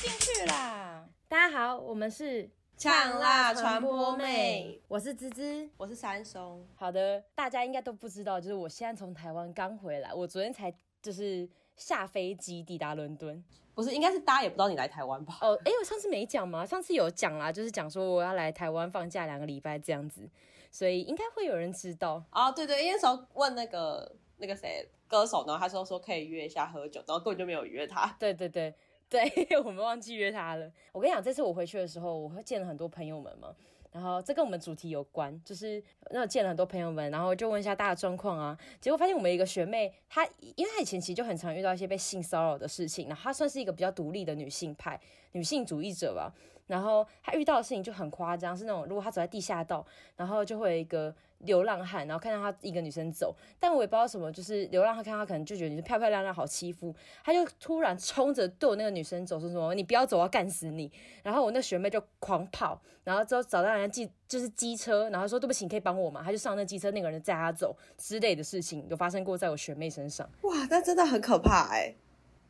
進去了，大家好，我們是嗆辣傳播妹，我是孜孜，我是珊菘。好的，大家應該都不知道，就是我現在從台灣剛回來，我昨天才就是下飛機抵達倫敦，不是，應該是大家也不知道你來台灣吧？哦，哎、欸，我上次沒講嘛，上次有講啦，就是講說我要來台灣放假兩個禮拜這樣子，所以應該會有人知道哦，對,對對，因為那時候問那個那個誰歌手呢，他說說可以約一下喝酒，然後根本就沒有約他。對對對。對，我們忘記約他了。我跟你講，這次我回去的時候，我會見了很多朋友們嘛。然後這跟我們主題有關，就是那我見了很多朋友們，然後就問一下大家的狀況啊。結果發現我們一個學妹，她因為她以前其實就很常遇到一些被性騷擾的事情，然後她算是一個比較獨立的女性派、女性主義者吧。然後她遇到的事情就很誇張，是那種如果她走在地下道，然後就會有一個。流浪漢，然後看到她一個女生走，但我也不知道什麼，就是流浪漢看她可能就覺得你是漂漂亮亮好欺負，他就突然衝着逗那個女生走，說什麼“你不要走，我要幹死你”，然後我那學妹就狂跑，然後之後找到人家機就是機車，然後說“對不起，可以幫我嘛？”她就上那機車，那個人就載她走之類的事情，有發生過在我學妹身上。哇，那真的很可怕哎、欸，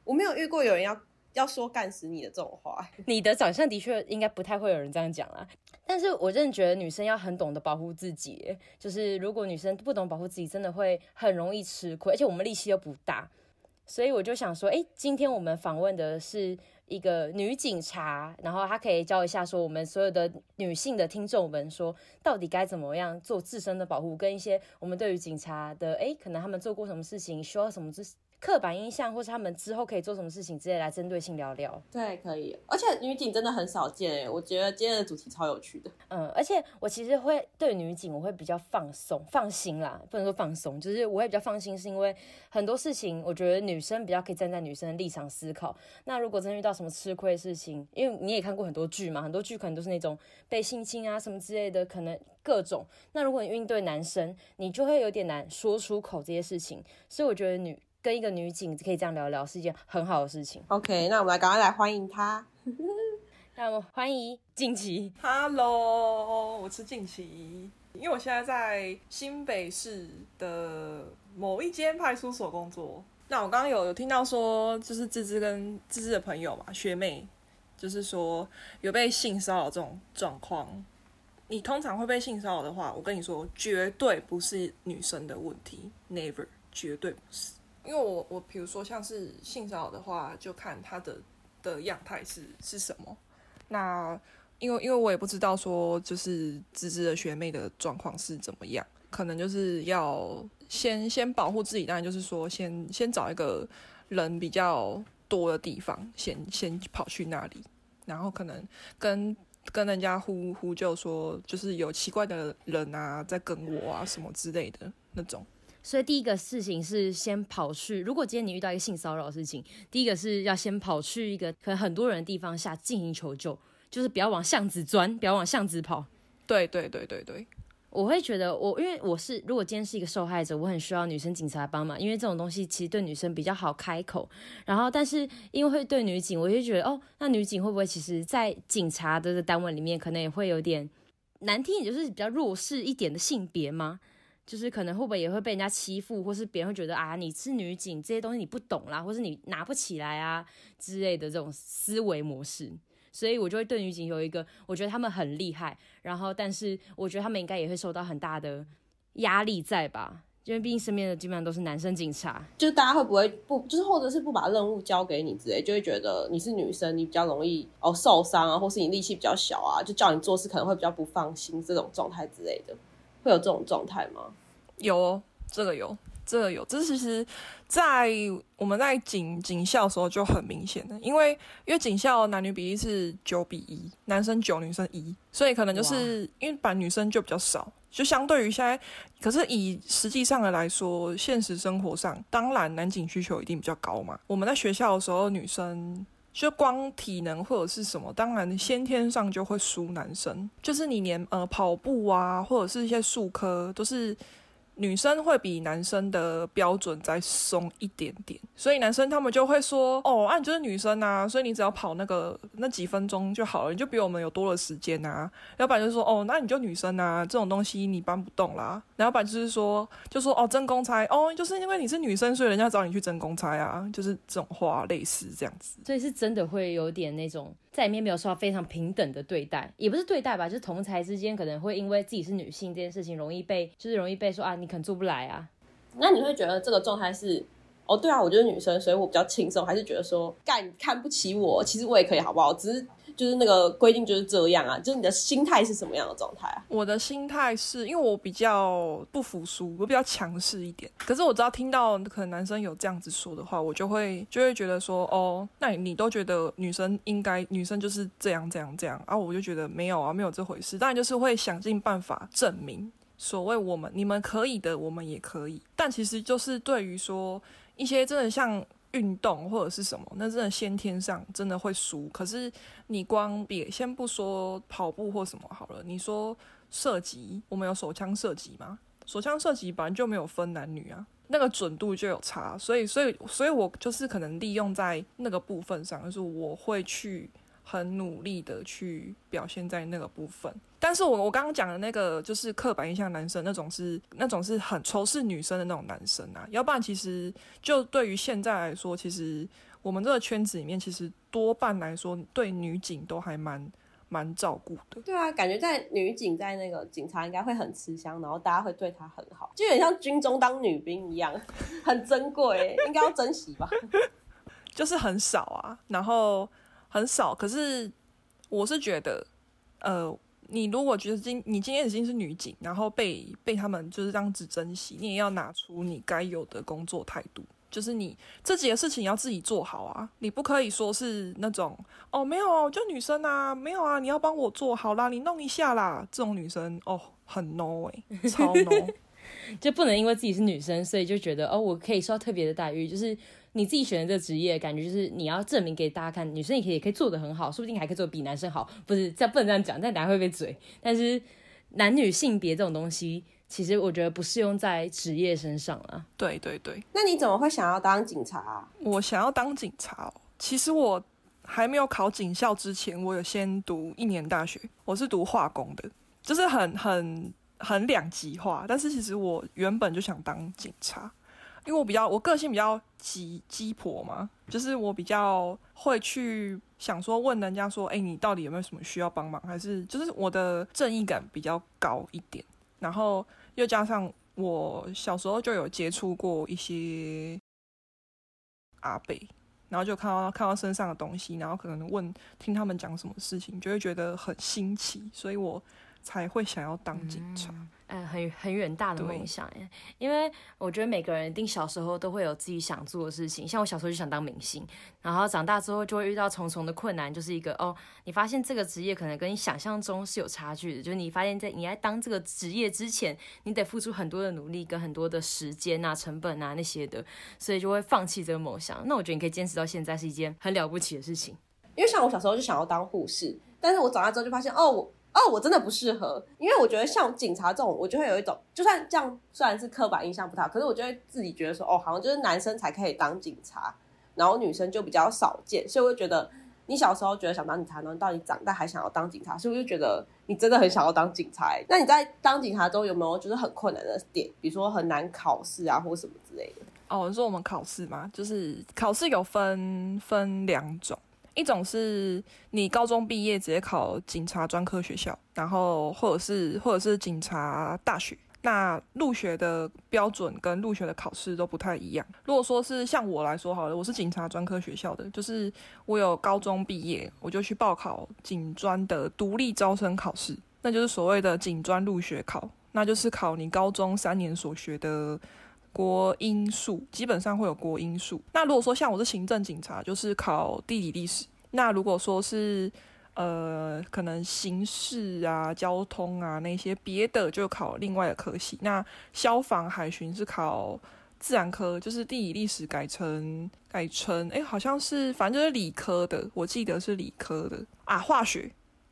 我沒有遇過有人要。要說幹死你的這種話，你的長相的確應該不太會有人這樣講啦。但是我真的覺得女生要很懂得保護自己，就是如果女生不懂保護自己，真的會很容易吃虧，而且我們力氣又不大，所以我就想說，欸，今天我們訪問的是一個女警察，然後她可以教一下說我們所有的女性的聽眾們，說到底該怎麼樣做自身的保護，跟一些我們對於警察的，欸，可能他們做過什麼事情，需要什麼資。刻板印象，或是他們之後可以做什麼事情之類的，來針對性聊聊。對，可以。而且女警真的很少見誒、欸，我覺得今天的主題超有趣的。嗯，而且我其實會對女警，我會比較放鬆、放心啦。不能說放鬆，就是我會比較放心，是因為很多事情，我覺得女生比較可以站在女生的立場思考。那如果真遇到什麼吃虧的事情，因為你也看過很多劇嘛，很多劇可能都是那種被性侵啊什麼之類的，可能各種。那如果你面對男生，你就會有點難說出口這些事情，所以我覺得女。跟一個女警可以這樣聊聊，是一件很好的事情。OK，那我們來趕快來歡迎她。 那我，歡迎靖祺。Hello，我是靖祺。因為我現在在新北市的某一間派出所工作。那我剛剛有，有聽到說，就是孜孜跟孜孜的朋友嘛，學妹，就是說有被性騷擾這種狀況。你通常會被性騷擾的話，我跟你說，絕對不是女生的問題，Never，絕對不是。因為我我比如說像是性騷擾的話，就看他的的樣態是是什麼。那因為因為我也不知道說就是孜孜的學妹的狀況是怎麼樣，可能就是要先先保護自己，當然就是說先先找一個人比較多的地方，先先跑去那裡，然後可能跟跟人家呼呼救說，就是有奇怪的人啊在跟我啊什麼之類的那種。所以第一個事情是先跑去，如果今天你遇到一個性騷擾的事情，第一個是要先跑去一個可能很多人的地方下進行求救，就是不要往巷子鑽，不要往巷子跑。對對對對對，我會覺得我因為我是如果今天是一個受害者，我很需要女生警察幫忙，因為這種東西其實對女生比較好開口。然後但是因為會對女警，我就覺得哦，那女警會不會其實在警察的單位裡面可能也會有點難聽，也就是比較弱勢一點的性別嗎？就是可能會不會也會被人家欺負，或是別人會覺得啊，你是女警，這些東西你不懂啦，或是你拿不起來啊之類的這種思維模式，所以我就會對女警有一個我覺得他們很厲害，然後但是我覺得他們應該也會受到很大的壓力在吧，因為畢竟身邊的基本上都是男生警察，就大家會不會不就是或者是不把任務交給你之類，就會覺得你是女生，你比較容易哦受傷啊，或是你力氣比較小啊，就叫你做事可能會比較不放心這種狀態之類的。會有這種狀態嗎？有，這個有，這個有。這其實，在我們在警警校的時候就很明顯的，因為因為警校男女比例是九比一，男生九，女生一，所以可能就是因為本來女生就比較少，就相對於現在，可是以實際上的來說，現實生活上，當然男警需求一定比較高嘛。我們在學校的時候，女生。就光體能或者是什麼，當然先天上就會輸男生，就是你連呃跑步啊，或者是一些術科都是。女生會比男生的標準再鬆一點點，所以男生他們就會說，哦，啊，你就是女生吶，啊，所以你只要跑那個那幾分鐘就好了，你就比我們有多了時間吶，啊。要不然就是說，哦，那你就女生吶，啊，這種東西你搬不動啦。然後不然就是說，就說哦，真公差，哦，就是因為你是女生，所以人家找你去真公差啊，就是這種話類似這樣子。所以是真的會有點那種。在裡面沒有受到非常平等的對待，也不是對待吧，就是同才之間可能會因為自己是女性這件事情，容易被就是容易被說啊，你可能做不來啊。那你會覺得這個狀態是，哦對啊，我就是女生，所以我比較輕鬆，還是覺得說幹，看不起我，其實我也可以，好不好？只是。就是那個規定就是這樣啊，就是你的心態是什麼樣的狀態啊？我的心態是因為我比較不服輸，我比較強勢一點。可是我只要聽到可能男生有這樣子說的話，我就會就會覺得說，哦，那你都覺得女生應該女生就是這樣這樣這樣啊？我就覺得沒有啊，沒有這回事。當然就是會想尽辦法證明所謂我們你們可以的，我們也可以。但其實就是對於說一些真的像。運動或者是什麼，那真的先天上真的會輸。可是你光別先不說跑步或什麼好了，你說射擊，我們有手槍射擊嗎？手槍射擊本來就沒有分男女啊，那個準度就有差，所以所以所以我就是可能利用在那個部分上，就是我會去很努力的去表現在那個部分。但是我我剛剛講的那個就是刻板印象，男生那種是那種是很仇視女生的那種男生啊。要不然其實就對於現在來說，其實我們這個圈子裡面，其實多半來說對女警都還蠻蠻照顧的。對啊，感覺在女警在那個警察應該會很吃香，然後大家會對她很好，就有點像軍中當女兵一樣，很珍貴，欸，應該要珍惜吧。 就是很少啊，然後很少。可是我是覺得，呃。你如果覺得今你今天已經是女警，然後被被他們就是這樣子珍惜，你也要拿出你該有的工作態度，就是你自己的事情要自己做好啊！你不可以說是那種哦，沒有哦，就女生啊，沒有啊，你要幫我做好啦，你弄一下啦，這種女生哦很 no 誒、欸，超 no， 就不能因為自己是女生，所以就覺得哦我可以受到特別的待遇，就是。你自己選的這職業，感覺就是你要證明給大家看，女生也可以可以做得很好，說不定還可以做比男生好。不是，這不能這樣講，但大家會被嘴。但是，男女性別這種東西，其實我覺得不適用在職業身上啊。對對對。那你怎麼會想要當警察啊？我想要當警察哦。其實我還沒有考警校之前，我有先讀一年大學，我是讀化工的，就是很很很兩極化。但是其實我原本就想當警察。因為我比較，我個性比較急。雞婆嘛，就是我比較會去想說問人家說，哎，你到底有沒有什麼需要幫忙？還是就是我的正義感比較高一點，然後又加上我小時候就有接觸過一些阿北，然後就看到看到身上的東西，然後可能問聽他們講什麼事情，就會覺得很新奇，所以我。才會想要當警察，哎、嗯欸，很很遠大的夢想耶。因為我覺得每個人一定小時候都會有自己想做的事情，像我小時候就想當明星，然後長大之後就會遇到重重的困難，就是一個哦，你發現這個職業可能跟你想象中是有差距的，就是你發現，在你在當這個職業之前，你得付出很多的努力跟很多的時間啊、成本啊那些的，所以就會放棄這個夢想。那我覺得你可以堅持到現在是一件很了不起的事情，因為像我小時候就想要當護士，但是我長大之後就發現哦。哦，我真的不適合，因為我覺得像警察這種，我就會有一種，就算這樣，雖然是刻板印象不太好，可是我就會自己覺得說，哦，好像就是男生才可以當警察，然後女生就比較少見，所以我就覺得，你小時候覺得想當警察，然後到底長大還想要當警察，所以我就覺得你真的很想要當警察。那你在當警察中有沒有就是很困難的點，比如說很難考試啊，或什麼之類的？哦，我說我們考試嘛，就是考試有分分兩種。一種是你高中畢業直接考警察專科學校，然後或者是或者是警察大學。那入學的標準跟入學的考試都不太一樣。如果說是像我來說好了，我是警察專科學校的，就是我有高中畢業，我就去報考警專的獨立招生考試，那就是所謂的警專入學考，那就是考你高中三年所學的。國英數基本上會有國英數。那如果說像我是行政警察，就是考地理歷史。那如果說是呃，可能刑事啊、交通啊那些別的，就考另外的科系。那消防海巡是考自然科，就是地理歷史改成改成哎、欸，好像是反正就是理科的，我記得是理科的啊，化學、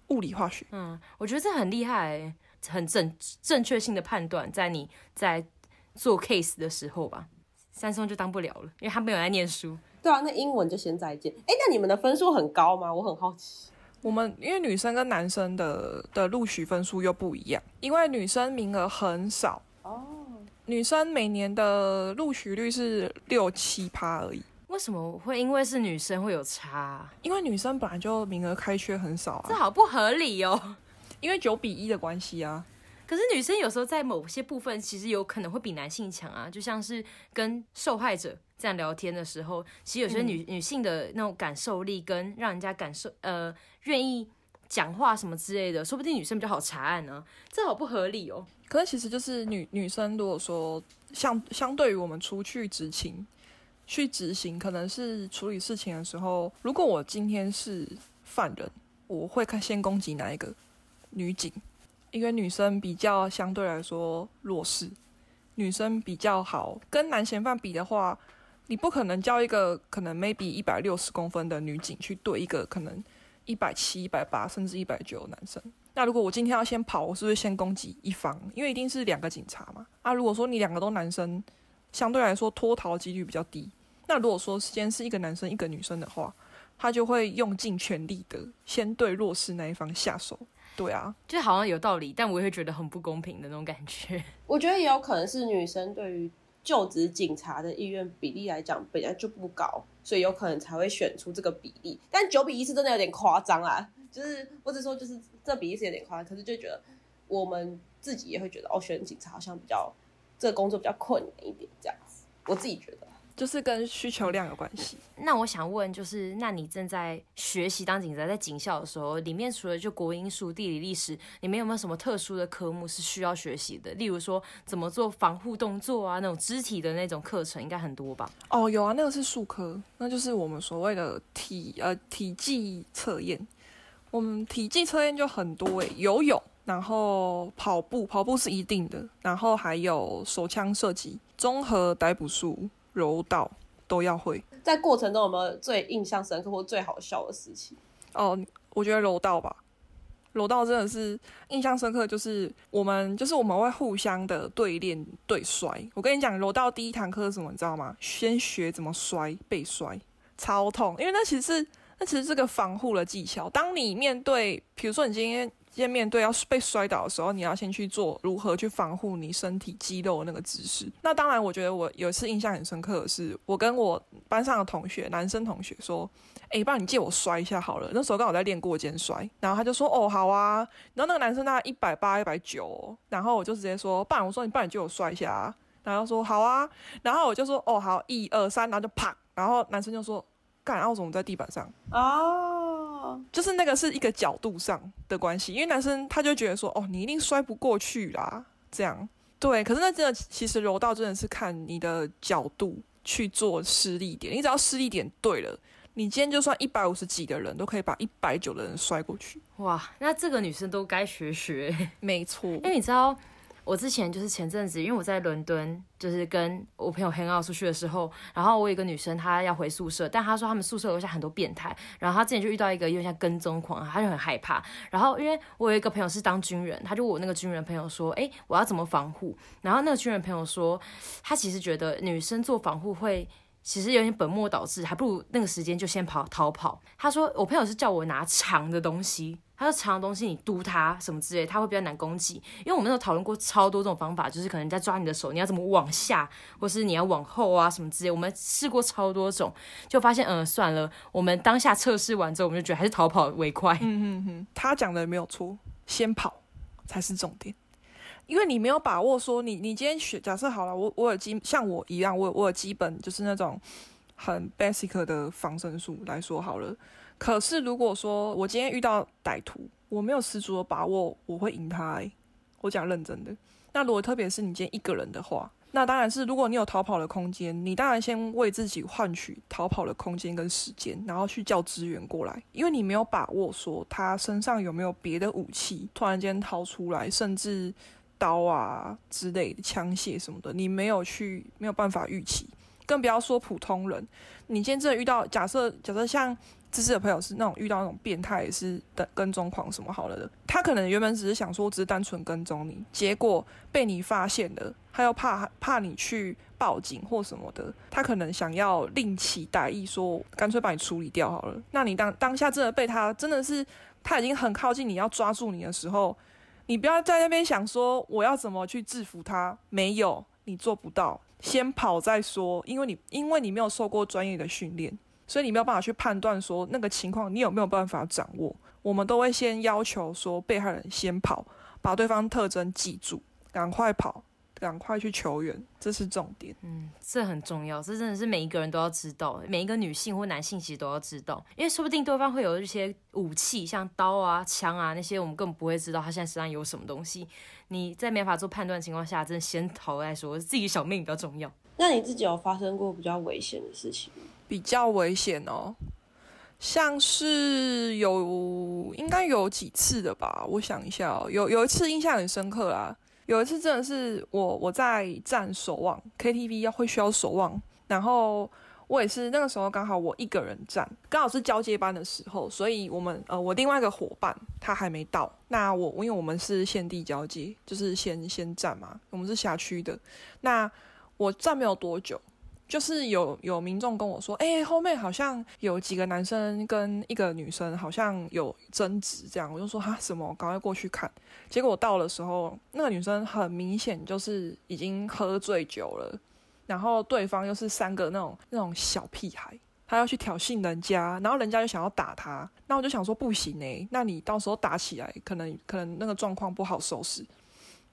物理、化學。嗯，我覺得這很厲害、欸，很正正確性的判斷，在你在。做 case 的時候吧，珊菘就當不了了，因為他沒有在念書。對啊，那英文就先再見。哎，那你們的分數很高嗎？我很好奇。我們因為女生跟男生的的錄取分數又不一樣，因為女生名額很少哦。Oh. 女生每年的錄取率是六七趴而已。為什麼會因為是女生會有差啊？因為女生本來就名額開缺很少啊，這好不合理哦。 因為九比一的關係啊。可是女生有時候在某些部分，其實有可能會比男性強啊。就像是跟受害者這樣聊天的時候，其實有些女女性的那種感受力，跟讓人家感受呃願意講話什麼之類的，說不定女生比較好查案呢、啊。這好不合理哦。可是其實就是女女生如果說像相對於我們出去執勤去執行，可能是處理事情的時候，如果我今天是犯人，我會看先攻擊哪一個女警。因為女生比較相對來說弱勢，女生比較好跟男嫌犯比的話，你不可能叫一個可能 maybe 一百六十公分的女警去對一個可能一百七、一百八甚至一百九的男生。那如果我今天要先跑，我是不是先攻擊一方？因為一定是兩個警察嘛。啊，如果說你兩個都男生，相對來說脫逃幾率比較低。那如果說先是一個男生一個女生的話，他就會用盡全力的先對弱勢那一方下手。對啊，就好像有道理，但我也會覺得很不公平的那種感覺。我覺得也有可能是女生對於就職警察的意願比例來講，本來就不高，所以有可能才會選出這個比例。但九比一是真的有點誇張啦，就是或者說就是這比例是有點誇張，可是就覺得我們自己也會覺得，哦，選警察好像比較這個工作比較困難一點這樣子，我自己覺得。就是跟需求量有關係。那我想問，就是那你正在學習當警察，在警校的時候，裡面除了就國英數、地理歷史，裡面有沒有什麼特殊的科目是需要學習的？例如說怎麼做防護動作啊，那種肢體的那種課程應該很多吧？哦，有啊，那個是術科，那就是我們所謂的體呃體技測驗。我們體技測驗就很多誒、欸，游泳，然後跑步，跑步是一定的，然後還有手槍射擊、綜合逮捕術。柔道都要會，在過程中有沒有最印象深刻或最好笑的事情？哦，我覺得柔道吧，柔道真的是印象深刻，就是我們就是我們會互相的對練對摔。我跟你講，柔道第一堂課是什麼你知道嗎？先學怎麼摔被摔，超痛，因為那其實是那其實是個防護的技巧，當你面對，比如說你今天。面對要被摔倒的時候，你要先去做如何去防護你身體肌肉的那個姿勢。那當然，我覺得我有一次印象很深刻的是，我跟我班上的同學，男生同學說：“哎，不然你借我摔一下好了。”那時候剛好在練過肩摔，然後他就說：“哦，好啊。”然後那個男生大概一百八、一百九，然後我就直接說：“爸我說你不然你借我摔一下啊。”然後他說：“好啊。”然後我就說：“哦，好，一二三，然後就啪。”然後男生就說：“幹，啊、我怎麼在地板上？”啊、oh. 就是那個是一個角度上的關係，因為男生他就覺得說，哦，你一定摔不過去啦，這樣。對，可是那真的其實柔道真的是看你的角度去做施力點，你只要施力點對了，你今天就算一百五十幾的人都可以把一百九的人摔過去。哇，那這個女生都該學學。沒錯，因為，欸，你知道。我之前就是前陣子，因為我在倫敦，就是跟我朋友 hang out 出去的時候，然後我有一個女生，她要回宿舍，但她說她們宿舍樓下很多變態，然後她之前就遇到一個有點像跟蹤狂，她就很害怕。然後因為我有一個朋友是當軍人，她就問我那個軍人朋友說，哎、欸，我要怎麼防護？然後那個軍人朋友說，她其實覺得女生做防護會。其實有點本末倒置，還不如那個時間就先跑逃跑。他說我朋友是叫我拿長的東西，他說長的東西你堵他什麼之類，他會比較難攻擊。因為我們有討論過超多這種方法，就是可能在抓你的手，你要怎麼往下，或是你要往後啊什麼之類。我們試過超多種，就發現嗯、呃、算了，我們當下測試完之後，我們就覺得還是逃跑為快。嗯，嗯，嗯。他講的沒有錯，先跑才是重點。因為你沒有把握，說你你今天選假設好了，我我有基像我一樣，我有我有基本就是那種很 basic 的防身術來說好了。可是如果說我今天遇到歹徒，我沒有十足的把握我會贏他，欸，我講認真的。那如果特別是你今天一個人的話，那當然是如果你有逃跑的空間，你當然先為自己換取逃跑的空間跟時間，然後去叫支援過來，因為你沒有把握說他身上有沒有別的武器突然間掏出來，甚至。刀啊之類的槍械什麼的，你沒有去沒有辦法預期，更不要說普通人。你今天真的遇到，假設假設像孜孜的朋友是那種遇到那種變態也是的跟蹤狂什麼好了的、的，他可能原本只是想說只是單純跟蹤你，結果被你發現了，他又怕怕你去報警或什麼的，他可能想要另起歹意說，說乾脆把你處理掉好了。那你當當下真的被他真的是他已經很靠近你要抓住你的時候，你不要在那邊想說我要怎麼去制服他，沒有，你做不到。先跑再說，因為你因為你沒有受過專業的訓練，所以你沒有辦法去判斷說那個情況你有沒有辦法掌握。我們都會先要求說被害人先跑，把對方特徵記住，趕快跑。趕快去求援，這是重點。嗯，這很重要，這真的是每一個人都要知道，每一個女性或男性其實都要知道，因為說不定對方會有一些武器，像刀啊、槍啊那些，我們根本不會知道他現在身上有什麼東西。你在沒法做判斷的情況下，真的先逃再說，自己小命比較重要。那你自己有發生過比較危險的事情？比較危險哦，像是有應該有幾次的吧，我想一下哦，有有一次印象很深刻啦。有一次真的是我我在站守望 KTV 要會需要守望，然後我也是那個時候剛好我一個人站，剛好是交接班的時候，所以我們呃我另外一個伙伴他還沒到，那我因為我們是現地交接，就是先先站嘛，我們是轄區的，那我站沒有多久。就是有有民眾跟我說，哎、欸，後面好像有幾個男生跟一個女生好像有爭執，這樣我就說，啊，什麼，趕快過去看。結果到的時候，那個女生很明顯就是已經喝醉酒了，然後對方又是三個那種那種小屁孩，他要去挑釁人家，然後人家就想要打他，那我就想說不行哎、欸，那你到時候打起來，可能可能那個狀況不好收拾，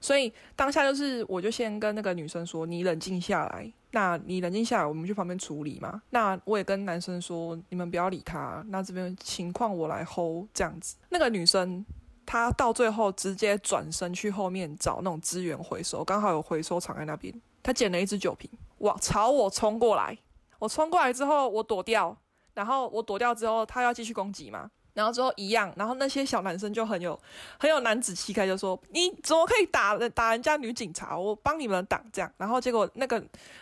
所以當下就是我就先跟那個女生說，你冷靜下來。那你冷靜下來，我們去旁邊處理嘛。那我也跟男生說，你們不要理他。那這邊情況我來 hold 這樣子。那個女生她到最後直接轉身去後面找那種資源回收，剛好有回收場，在那邊，她撿了一支酒瓶往朝我衝過來。我衝過來之後，我躲掉，然後我躲掉之後，她要繼續攻擊嗎？然後之後一樣，然後那些小男生就很有很有男子氣概，就說你怎麼可以打人打人家女警察？我幫你們擋這樣。然後結果那個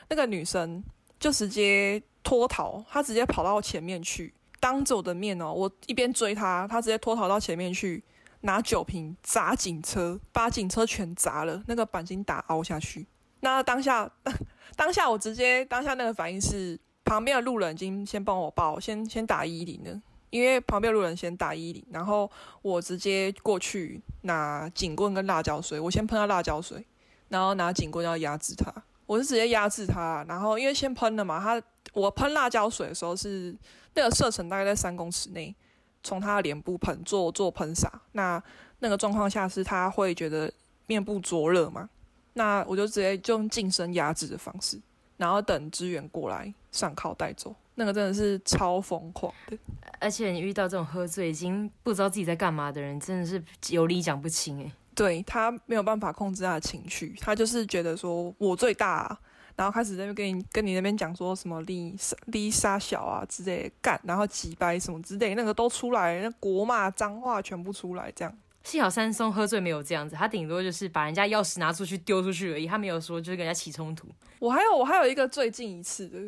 那個女生就直接脫逃，她直接跑到我前面去，當着我的面哦，我一邊追她，她直接脫逃到前面去，拿酒瓶砸警車，把警車全砸了，那個鈑金打凹下去。那當下呵呵當下我直接當下那個反應是，旁邊的路人已經先幫我報，先先打一一零了。因為旁邊路人先打一一零，然後我直接過去拿警棍、跟辣椒水，我先噴了辣椒水，然後拿警棍要壓制他。我是直接壓制他，然後因為先噴了嘛，他我噴辣椒水的時候是那個射程大概在三公尺內，從他的臉部噴做做噴灑。那那個狀況下是他會覺得面部灼熱嘛，那我就直接就用近身壓制的方式，然後等支援過來上銬帶走。那個真的是超瘋狂的，而且你遇到這種喝醉已經不知道自己在幹嘛的人，真的是有理講不清哎。對，他沒有辦法控制他的情緒，他就是覺得說我最大啊，然後開始那邊跟你跟你那邊講說什麼麗麗殺小啊之類幹，然後擠掰什麼之類，那個都出來，那個國罵、髒話全部出來這樣。幸好珊菘喝醉沒有這樣子，他頂多就是把人家鑰匙拿出去丟出去而已，他沒有說就是跟人家起衝突。我還有我還有一個最近一次的。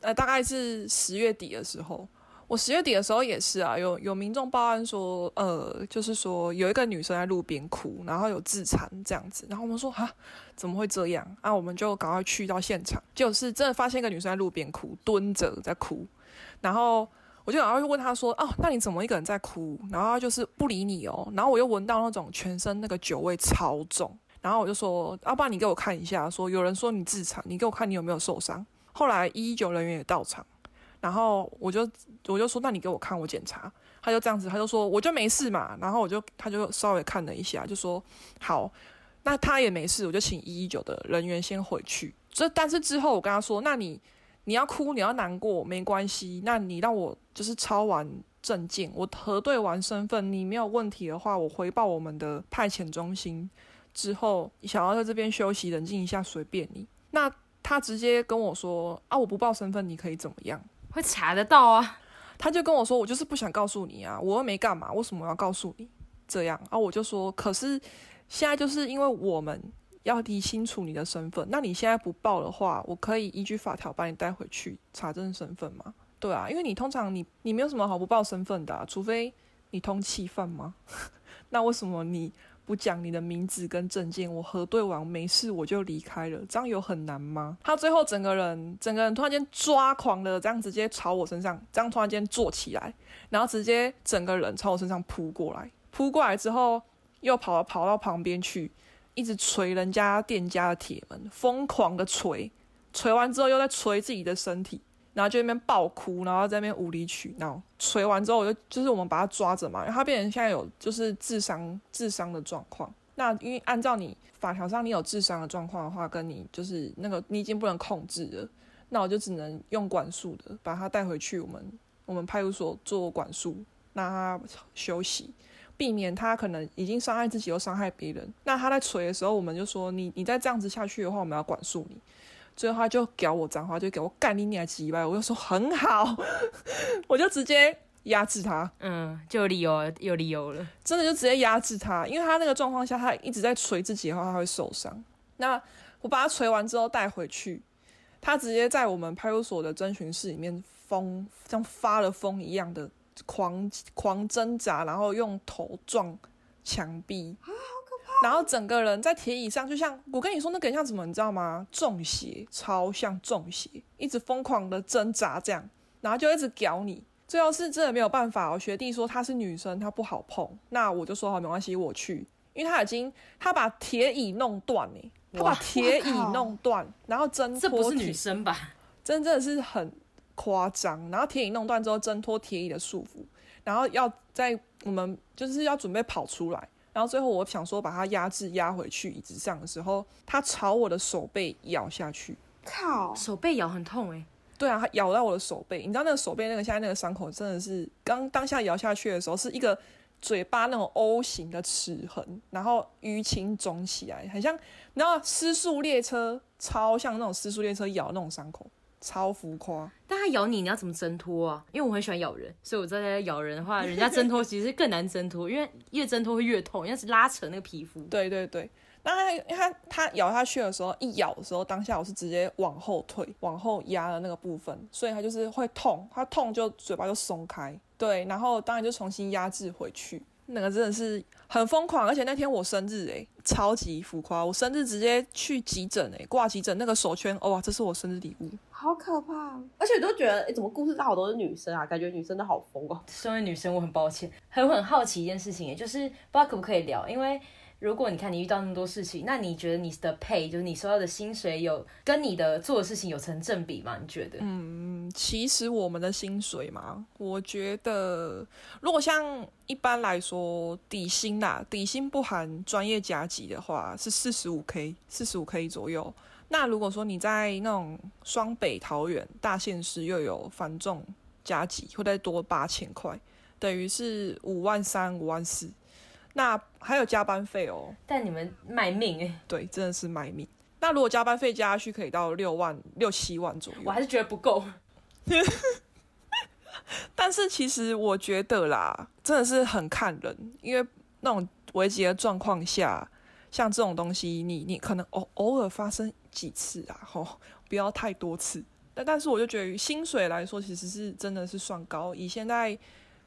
呃，大概是十月底的時候，我十月底的時候也是啊，有有民眾報案說，呃，就是說有一個女生在路邊哭，然後有自殘這樣子，然後我們說啊，怎麼會這樣？啊？我們就趕快去到現場，就是真的發現一個女生在路邊哭，蹲着在哭，然後我就趕快問她說，哦、啊，那你怎麼一個人在哭？然後她就是不理你哦，然後我又聞到那種全身那個酒味超重，然後我就說，要不然，你給我看一下，說有人說你自殘，你給我看你有沒有受傷。後來一一九人員也到場，然後我就我就說，那你給我看，我檢查。他就這樣子，他就說我就沒事嘛。然後我就他就稍微看了一下，就說好，那他也沒事，我就請一一九的人員先回去。這但是之後我跟他說，那你你要哭，你要難過沒關係，那你讓我就是抄完證件，我核對完身份，你沒有問題的話，我回報我們的派遣中心之後，你想要在這邊休息冷靜一下，隨便你。那。他直接跟我說啊，我不報身份，你可以怎麼樣？會查得到啊？他就跟我說，我就是不想告訴你啊，我又沒幹嘛，為什麼要告訴你？這樣啊，我就說，可是現在就是因為我們要理清楚你的身份，那你現在不報的話，我可以依據法條把你帶回去查證身份嗎？對啊，因為你通常你你沒有什麼好不報身份的、啊，除非你通緝犯嗎？ 那為什麼你？不講你的名字跟證件，我核對完沒事我就離開了，這樣有很難嗎？他最後整個人整個人突然間抓狂了，這樣直接朝我身上，這樣突然間坐起來，然後直接整個人朝我身上撲過來，撲過來之後又跑跑到旁邊去，一直捶人家店家的鐵門，瘋狂的捶，捶完之後又在捶自己的身體。然後就那邊爆哭，然後在那邊無理取鬧。捶完之後，我就就是我們把他抓着嘛，然後他變成現在有就是自傷自傷的狀況。那因為按照你法條上，你有自傷的狀況的話，跟你就是那個你已經不能控制了，那我就只能用管束的把他帶回去我，我們我們派出所做管束，讓他休息，避免他可能已經傷害自己又傷害別人。那他在捶的時候，我們就說你你再這樣子下去的話，我們要管束你。所以他就講我髒話，就給我幹你娘雞掰。 我就說很好， 我就直接壓制他，嗯，就有理由了，有理由了，真的就直接壓制他，因為他那個狀況下，他一直在捶自己的話，他會受傷。那我把他捶完之後帶回去，他直接在我們派出所的偵訊室裡面瘋，像發了瘋一樣的狂狂掙扎，然後用頭撞牆壁。 然後整個人在鐵椅上，就像我跟你說，那個人像什麼，你知道嗎？中邪，超像中邪，一直瘋狂的掙扎這樣，然後就一直咬你。最後是真的沒有辦法，哦，我學弟說她是女生，她不好碰。那我就說好，沒關係，我去。因為他已經，他把鐵椅弄斷呢，欸，他把鐵椅弄斷，然後掙脫，後掙脫。這不是女生吧？真，真的是很誇張。然後鐵椅弄斷之後，掙脫鐵椅的束縛，然後要在我們就是要準備跑出來。然後最後我想說，把它壓制，壓回去椅子上的時候，它朝我的手背咬下去。靠，手背咬很痛哎。對啊，它咬到我的手背，你知道那個手背那個現在那個傷口真的是剛當下咬下去的時候，是一個嘴巴那種 O 型的齒痕，然後淤青腫起來，很像，然後失速列車，超像那種失速列車咬那種傷口。超浮誇！但它咬你，你要怎麼掙脫啊？因為我很喜歡咬人，所以我真的要咬人的話，人家掙脫其實更難掙脫， 因為越掙脫會越痛，因為是拉扯那個皮膚。對對對，當它因為它咬下去的時候，一咬的時候，當下我是直接往後退，往後壓的那個部分，所以它就是會痛，它痛就嘴巴就鬆開。對，然後當然就重新壓制回去。那個真的是很瘋狂，而且那天我生日誒、欸，超級浮誇，我生日直接去急診誒、欸，掛急診那個手圈，哇，這是我生日禮物。好可怕，而且都覺得，哎、欸，怎麼故事到好多是女生啊？感覺女生都好瘋哦、啊。身為女生，我很抱歉。還有很好奇一件事情也，就是不知道可不可以聊，因為如果你看你遇到那麼多事情，那你覺得你的 pay，就是你收到的薪水有，有跟你的做的事情有成正比嗎？你覺得？嗯，其實我們的薪水嘛，我覺得如果像一般來說底薪吶、啊，底薪不含專業加級的話，是四十五 K，四十五 K 左右。那如果說你在那種雙北桃園大縣市又有繁重加急，會再多八千塊，等於是五萬三、五萬四。那還有加班費哦，但你們賣命哎、欸，對，真的是賣命。那如果加班費加下去，可以到六萬、六七萬左右。我還是覺得不夠。 但是其實我覺得啦，真的是很看人，因為那種危急的狀況下，像這種東西，你你可能偶偶爾發生。幾次啊？吼，不要太多次。但但是我就覺得，薪水來說，其實是真的是算高。以現在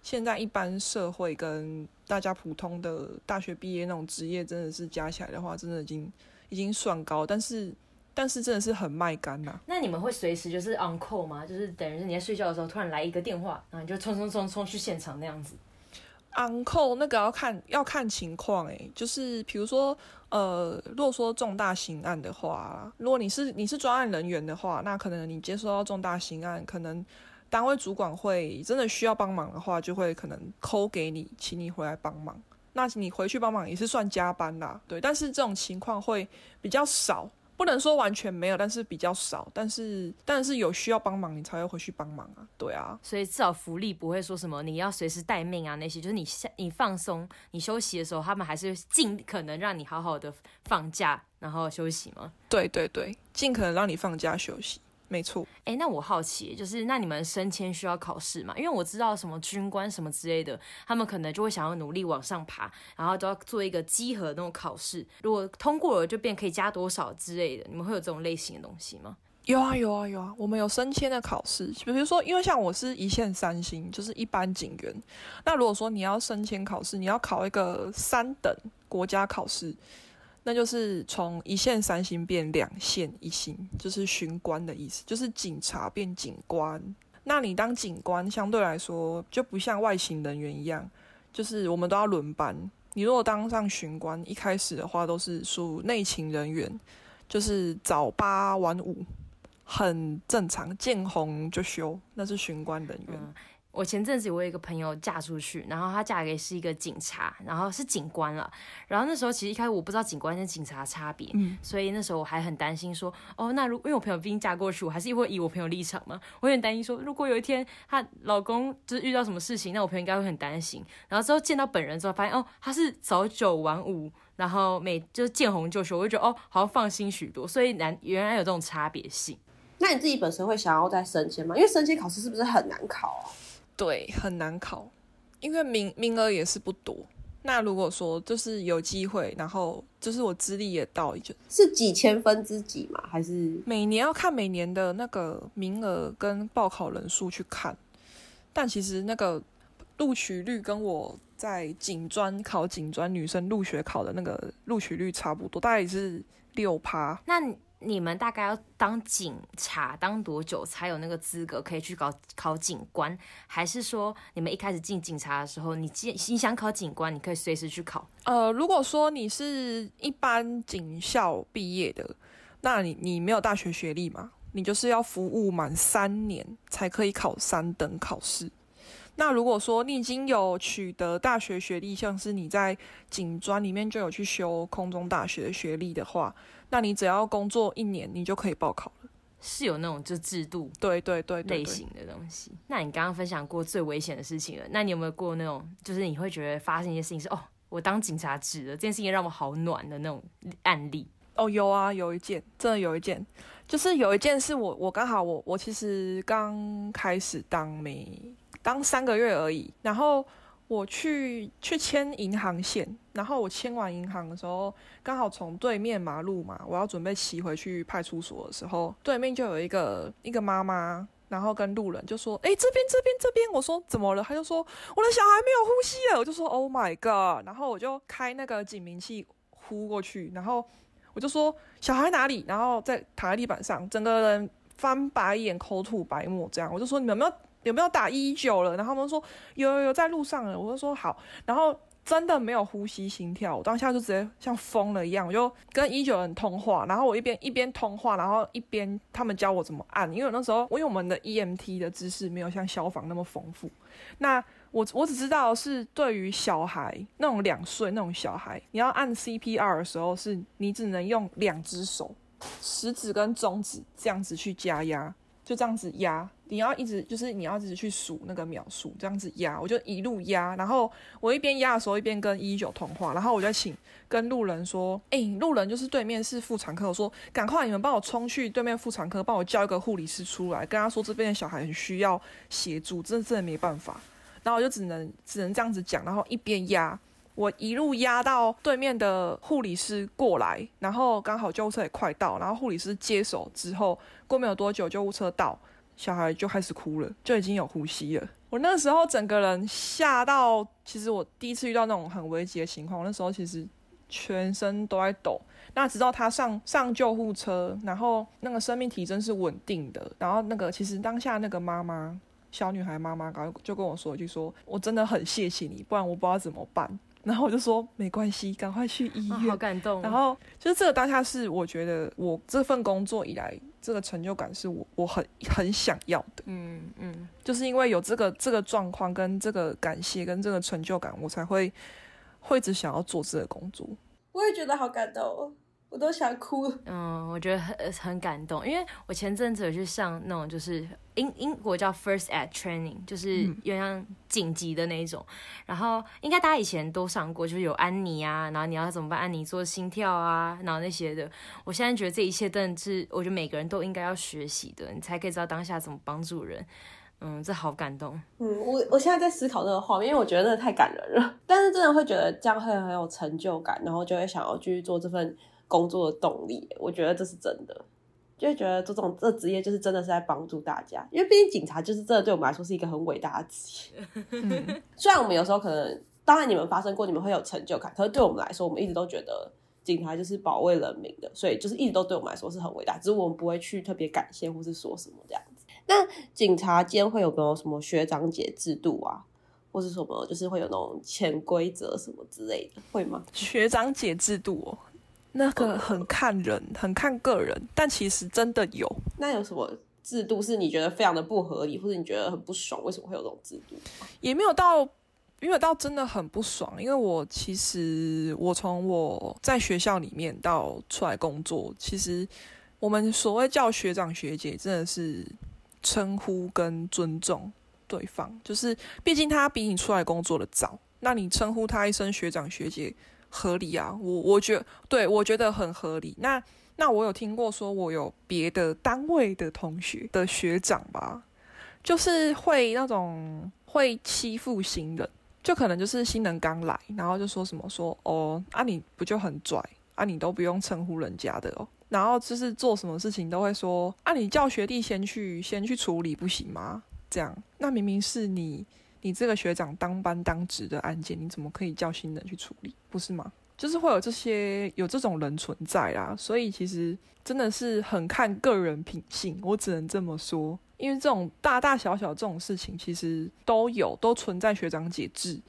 現在一般社會跟大家普通的大學畢業那種職業，真的是加起來的話，真的已經已經算高。但是但是真的是很賣肝吶。那你們會隨時就是 on call 嗎？就是等於是你在睡覺的時候突然來一個電話，然後你就衝衝衝衝去現場那樣子。on call 那個要看要看情況誒、欸，就是比如說，呃，如果說重大刑案的話啦，如果你是你是專案人員的話，那可能你接收到重大刑案，可能單位主管會真的需要幫忙的話，就會可能 call 給你，請你回來幫忙。那你回去幫忙也是算加班啦，對。但是這種情況會比較少。不能說完全沒有，但是比較少。但是但是有需要幫忙，你才會回去幫忙啊，對啊。所以至少福利不會說什麼你要隨時待命啊那些，就是你下你放鬆、你休息的時候，他們還是儘可能讓你好好的放假然後休息嘛。對對對，儘可能讓你放假休息。沒錯，誒，那我好奇，就是那你們升遷需要考試嗎？因為我知道什麼軍官什麼之類的，他們可能就會想要努力往上爬，然後就要做一個集合的那種考試，如果通過了就變可以加多少之類的。你們會有這種類型的東西嗎？有啊有啊有啊，我們有升遷的考試，比如說，因為像我是一線三星，就是一般警員，那如果說你要升遷考試，你要考一個三等國家考試。那就是從一線三星變兩線一星，就是巡官的意思，就是警察變警官。那你當警官，相對來說就不像外勤人員一樣，就是我們都要輪班。你如果當上巡官，一開始的話都是屬內勤人員，就是早八晚五，很正常，見紅就休，那是巡官人員。嗯我前陣子，我有一個朋友嫁出去，然後她嫁給是一個警察，然後是警官了。然後那時候其實一開始我不知道警官跟警察的差別，嗯，所以那時候我還很擔心說，哦，那如果因為我朋友畢竟嫁過去，我還是會以我朋友立場嘛，我有點擔心說，如果有一天她老公就是遇到什麼事情，那我朋友應該會很擔心。然後之後見到本人之後，發現哦，他是早九晚五，然後每就是見紅就休，我就覺得哦，好像放心許多。所以難原來有這種差別性。那你自己本身會想要再升遷嗎？因為升遷考試是不是很難考，啊？對，很難考，因為名名額也是不多。那如果說就是有機會，然後就是我資歷也到，就是幾千分之幾嘛，還是每年要看每年的那個名額跟報考人數去看。但其實那個錄取率跟我在警專考警專女生入學考的那個錄取率差不多，大概也是六趴。那。你們大概要當警察當多久才有那個資格可以去考考警官？還是說你們一開始進警察的時候，你進你想考警官，你可以隨時去考？呃，如果說你是一般警校畢業的，那你你沒有大學學歷嘛？你就是要服務滿三年才可以考三等考試。那如果說你已經有取得大學學歷，像是你在警專裡面就有去修空中大學學歷的話，那你只要工作一年，你就可以報考了。是有那種就制度，對對對，類型的東西。對對對對對，那你剛剛分享過最危險的事情了，那你有沒有過那種就是你會覺得發生一件事情是哦，我當警察值了，這件事情讓我好暖的那種案例？哦，有啊，有一件，真的有一件，就是有一件事，我我剛好我我其實剛開始當沒。當三個月而已，然後我去去簽銀行線，然後我簽完銀行的時候，剛好從對面馬路嘛，我要準備騎回去派出所的時候，對面就有一個一個媽媽，然後跟路人就說：“哎，這邊這邊這邊！”我說：“怎麼了？”她就說：“我的小孩沒有呼吸了。”我就說：“Oh my god！” 然後我就開那個警鳴器呼過去，然後我就說：“小孩哪裡？”然後在躺在地板上，整個人翻白眼，口吐白沫，這樣我就說：“你們有沒有？”有沒有打一一九了？然後他們說有有有，在路上了。我就說好。然後真的沒有呼吸心跳，我當下就直接像瘋了一樣，我就跟一一九人通話。然後我一邊一邊通話，然後一邊他們教我怎麼按，因為那時候，我有我們的 EMT 的知識沒有像消防那麼豐富。那我我只知道是對於小孩那種兩歲那種小孩，你要按 CPR 的時候是，是你只能用兩隻手，食指跟中指這樣子去加壓。就這樣子壓，你要一直就是你要一直去數那個秒數，這樣子壓，我就一路壓，然後我一邊壓的時候一邊跟一一九通話，然後我就請跟路人說，哎、欸，路人就是對面是婦產科，我說趕快你們幫我衝去對面婦產科，幫我叫一個護理師出來，跟他說這邊的小孩很需要協助，真的真的沒辦法，然後我就只能只能這樣子講，然後一邊壓。我一路壓到對面的護理師過來，然後剛好救護車也快到，然後護理師接手之後，過沒有多久救護車到，小孩就開始哭了，就已經有呼吸了。我那時候整個人嚇到，其實我第一次遇到那種很危急的情況，我那時候其實全身都在抖。那直到他上上救護車，然後那個生命體徵是穩定的，然後那個其實當下那個媽媽小女孩媽媽剛就跟我說一句說，我真的很謝謝你，不然我不知道怎麼辦。然後我就說，沒關係，趕快去醫院。哦，好感動哦。然後就是這個當下是我覺得我這份工作以來，這個成就感是我我很很想要的。嗯嗯，就是因為有這個這個狀況跟這個感謝跟這個成就感，我才會會一直想要做這個工作。我也覺得好感動哦，我都想哭。嗯，我覺得很很感動，因為我前陣子有去上那種就是。英英國叫 First Aid Training，就是有點像緊急的那一種。嗯、然後應該大家以前都上過，就是有安妮啊，然後你要怎麼辦？安妮做心跳啊，然後那些的。我現在覺得這一切真的是，我覺得每個人都應該要學習的，你才可以知道當下怎麼幫助人。嗯，這好感動。嗯，我我現在在思考這個畫面，因為我覺得真的太感人了。但是真的會覺得這樣會很有成就感，然後就會想要去做這份工作的動力。我覺得這是真的。就會覺得這種這職業就是真的是在幫助大家，因為畢竟警察就是真的對我們來說是一個很偉大的職業。嗯。雖然我們有時候可能，當然你們發生過，你們會有成就感，可是對我們來說，我們一直都覺得警察就是保衛人民的，所以就是一直都對我們來說是很偉大，只是我們不會去特別感謝或是說什麼這樣子。那警察間會有沒有什麼學長姐制度啊，或者什麼就是會有那種潛規則什麼之類的，會嗎？學長姐制度哦。那個很看人，oh, okay. 很看個人，但其實真的有。那有什麼制度是你覺得非常的不合理，或者你覺得很不爽？為什麼會有這種制度？也沒有到，沒有到真的很不爽。因為我其實我從我在學校裡面到出來工作，其實我們所謂叫學長學姐，真的是稱呼跟尊重對方。就是畢竟他比你出來工作的早，那你稱呼他一聲學長學姐。合理啊，我我覺對，我覺得很合理。那那我有聽過說，我有別的單位的同學的學長吧，就是會那種會欺負新人，就可能就是新人剛來，然後就說什麼說哦，啊你不就很拽啊，你都不用稱呼人家的哦，然後就是做什麼事情都會說啊，你叫學弟先去先去處理不行嗎？這樣，那明明是你。你這個學長當班當職的案件，你怎麼可以叫新人去處理，不是嗎？就是會有這些有這種人存在啦，所以其實真的是很看個人品性，我只能這麼說。因為這種大大小小這種事情，其實都有都存在學長姐制。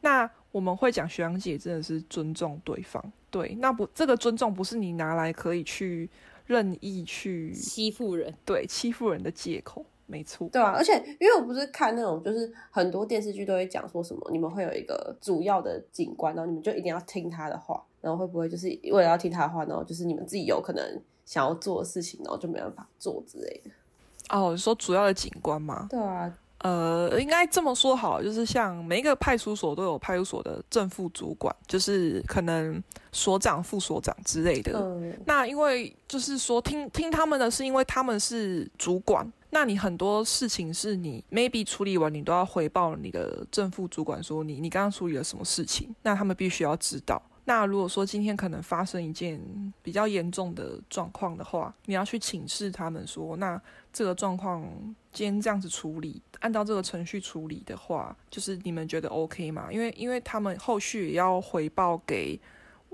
那我們會講學長姐真的是尊重對方，對，那不這個尊重不是你拿來可以去任意去欺負人，對，欺負人的借口。沒錯，對啊，而且因為我不是看那種，就是很多電視劇都會講說什麼，你們會有一個主要的警官，然後你們就一定要聽他的話，然後會不會就是為了要聽他的話，然後就是你們自己有可能想要做的事情，然後就沒辦法做之類的。哦，說主要的警官嗎？對啊，呃，應該這麼說好，就是像每一個派出所都有派出所的正副主管，就是可能所長、副所長之類的。嗯。那因為就是說，聽聽他們的是因為他們是主管。那你很多事情是你 maybe 處理完，你都要回報你的正副主管，說你你剛剛處理了什麼事情，那他們必須要知道。那如果說今天可能發生一件比較嚴重的狀況的話，你要去請示他們說，那這個狀況今天這樣子處理，按照這個程序處理的話，就是你們覺得 OK 嗎？因為因為他們後續也要回報給。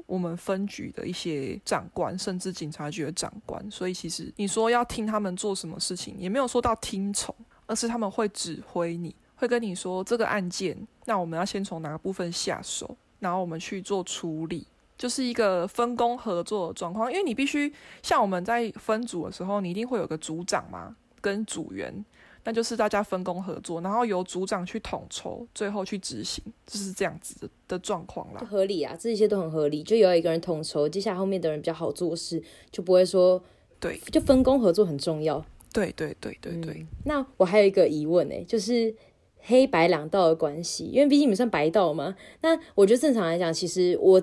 我們分局的一些長官，甚至警察局的長官，所以其實你說要聽他們做什麼事情，也沒有說到聽從，而是他們會指揮你，會跟你說這個案件，那我們要先從哪個部分下手，然後我們去做處理，就是一個分工合作的狀況。因為你必須像我們在分組的時候，你一定會有個組長嘛，跟組員。那就是大家分工合作，然後由組長去統籌，最後去執行，就是這樣子的狀況啦。合理啊，這些都很合理，就有一個人統籌，接下來後面的人比較好做事，就不會說對，就分工合作很重要。對對對對對，對、嗯。那我還有一個疑問呢、欸，就是黑白兩道的關係，因為畢竟你們算白道嘛。那我覺得正常來講，其實我。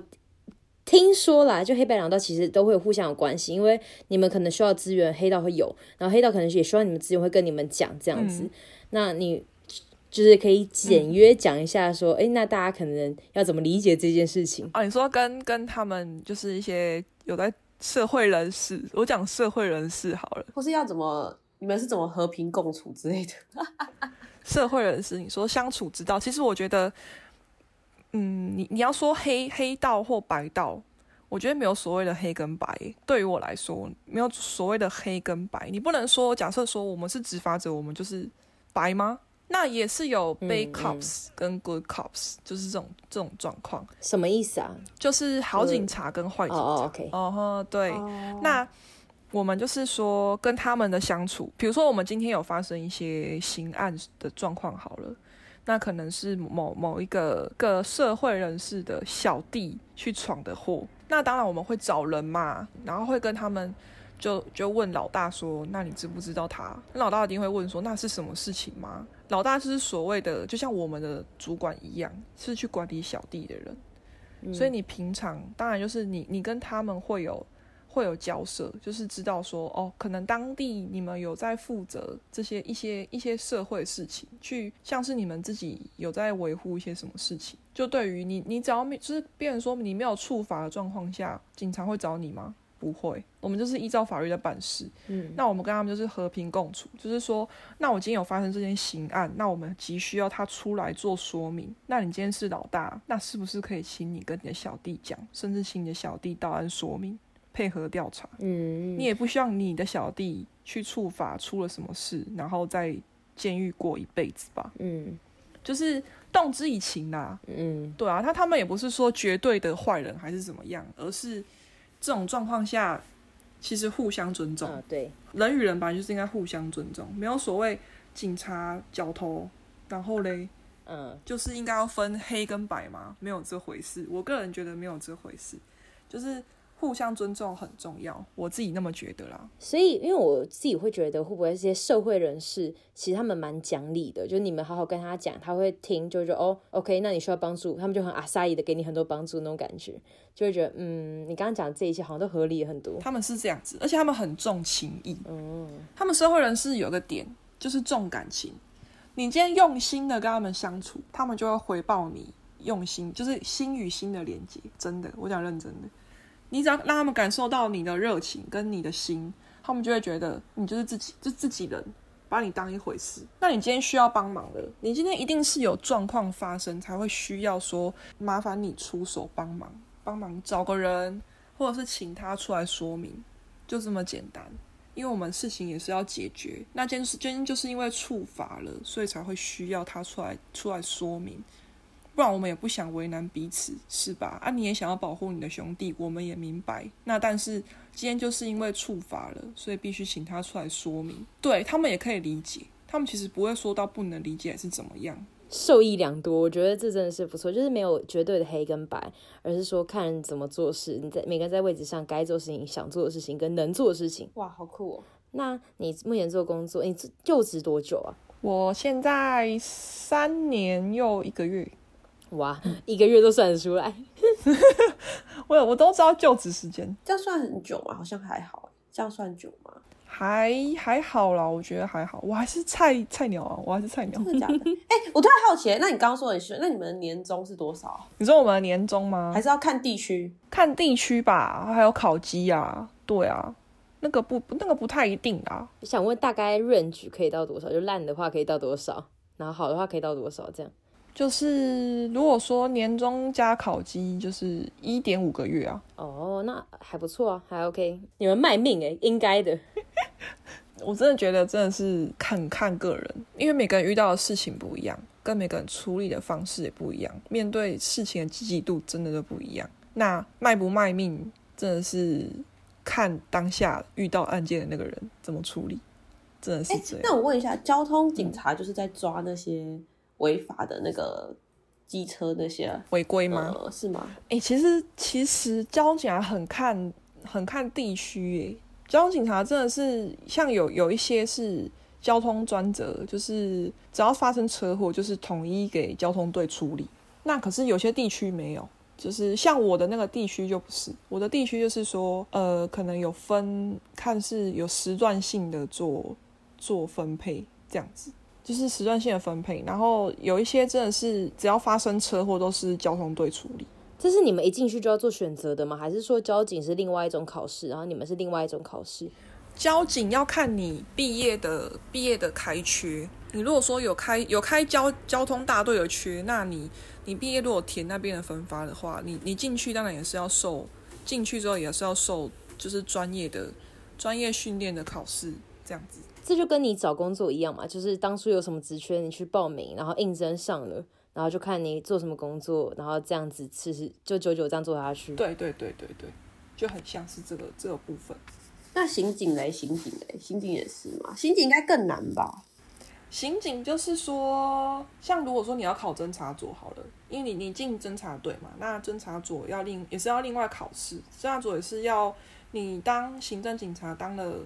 聽說啦，就黑白兩道其實都會互相有關係，因為你們可能需要資源，黑道會有，然後黑道可能是也需要你們資源，會跟你們講這樣子、嗯。那你就是可以簡約講一下說，說、嗯、哎、欸，那大家可能要怎麼理解這件事情啊？你說跟跟他們就是一些有在社會人士，我講社會人士好了，或是要怎麼你們是怎麼和平共處之類的？ 社會人士，你說相處之道，其實我覺得。嗯，你你要說黑黑道或白道，我覺得沒有所謂的黑跟白。對於我來說，沒有所謂的黑跟白。你不能說，假設說我們是執法者，我們就是白嗎？那也是有 bad cops 跟 good cops，就是這種這種狀況。什麼意思啊？就是好警察跟壞警察。哦哦，Oh, okay. uh-huh, 對。Oh. 那我們就是說跟他們的相處，比如說我們今天有發生一些刑案的狀況，好了。那可能是某某一個個社會人士的小弟去闖的禍。那當然我們會找人嘛，然後會跟他們就就問老大說：“那你知不知道他？”那老大一定會問說：“那是什麼事情嗎？”老大是所謂的，就像我們的主管一樣，是去管理小弟的人。嗯、所以你平常當然就是你你跟他們會有。會有交涉，就是知道說哦，可能當地你們有在負責這些一些一些社會事情，去像是你們自己有在維護一些什麼事情。就對於你，你只要就是別人說你沒有觸法的狀況下，警察會找你嗎？不會，我們就是依照法律的辦事。嗯，那我們跟他們就是和平共處，就是說，那我今天有發生這件刑案，那我們急需要他出來做說明。那你今天是老大，那是不是可以請你跟你的小弟講，甚至請你的小弟到案說明？配合調查，嗯，你也不希望你的小弟去觸法出了什麼事，然後在監獄過一輩子吧，嗯，就是動之以情啦、啊，嗯，對啊，他他們也不是說絕對的壞人還是怎麼樣，而是這種狀況下其實互相尊重，嗯、對，人與人吧，就是應該互相尊重，沒有所謂警察角頭然後嘞，嗯，就是應該要分黑跟白嘛。沒有這回事，我個人覺得沒有這回事，就是。互相尊重很重要，我自己那麼覺得啦。所以，因為我自己會覺得，會不會這些社會人士其實他們蠻講理的，就是你們好好跟他講，他會聽，就會覺得哦，OK，那你需要幫助，他們就很阿莎力的給你很多幫助那種感覺，就會覺得嗯，你剛剛講的這一些好像都合理很多。他們是這樣子，而且他們很重情義。嗯，他們社會人士有一個點就是重感情，你今天用心的跟他們相處，他們就會回報你用心，就是心與心的連接。真的，我講認真的。你只要讓他們感受到你的熱情跟你的心，他們就會覺得你就是自己，就是自己人，把你當一回事。那你今天需要幫忙了，你今天一定是有狀況發生才會需要說麻煩你出手幫忙，幫忙找個人，或者是請他出來說明，就這麼簡單。因為我們事情也是要解決，那件事今天就是因為觸法了，所以才會需要他出來出來說明。不然我們也不想為難彼此，是吧？啊，你也想要保護你的兄弟，我們也明白。那但是今天就是因為觸法了，所以必須請他出來說明。對，他們也可以理解，他們其實不會說到不能理解還是怎麼樣。受益良多，我覺得這真的是不錯。就是沒有絕對的黑跟白，而是說看怎麼做事。你在每個人在位置上該做事情、想做的事情跟能做的事情。哇，好酷哦！那你目前做工作，你就職多久啊？我現在三年又一個月。哇，一個月都算得出來。我 我都知道就職時間，這樣算很久嘛？好像還好，這樣算久嗎？還還好啦。我覺得還好。我還是菜菜鳥啊，我還是菜鳥。真的假的？哎、欸，我突然好奇了，那你剛剛說的是，那你們年終是多少？你說我們年終嗎？還是要看地區？看地區吧，還有烤雞啊，對啊，那個不那個不太一定啊。我想問大概 range 可以到多少？就爛的話可以到多少？然後好的話可以到多少？這樣。就是如果說年終加考績就是一點五個月啊，哦，那還不錯啊，還 OK，你們賣命哎，應該的。我真的覺得真的是看看個人，因為每個人遇到的事情不一樣，跟每個人處理的方式也不一樣，面對事情的積極度真的都不一樣。那賣不賣命真的是看當下遇到案件的那個人怎麼處理，真的是這樣、欸。那我問一下，交通警察就是在抓那些。違法的那個機車那些違、啊、規嗎、呃？是嗎？哎、欸，其實其實交通警察很看很看地區哎、欸，交通警察真的是像有有一些是交通專責，就是只要發生車禍就是統一給交通隊處理。那可是有些地區沒有，就是像我的那個地區就不是，我的地區就是說呃，可能有分看是有時段性的做做分配這樣子。就是時段性的分配，然後有一些真的是只要發生車禍都是交通隊處理。這是你們一進去就要做選擇的嗎？還是說交警是另外一種考試，然後你們是另外一種考試？交警要看你畢業的畢業的開缺。你如果說有開有開交交通大隊的缺，那你你畢業如果填那邊的分發的話，你你進去當然也是要受，進去之後也是要受就是專業的專業訓練的考試這樣子。這就跟你找工作一樣嘛，就是當初有什麼職缺，你去報名，然後應徵上了，然後就看你做什麼工作，然後這樣子，其實就久久這樣做下去。對對對對對，就很像是這個這個部分。那刑警嘞？刑警嘞？刑警也是嘛，刑警應該更難吧？刑警就是說，像如果說你要考偵查佐好了，因為你你進偵查隊嘛，那偵查佐要另也是要另外考試，偵查佐也是要你當行政警察當了。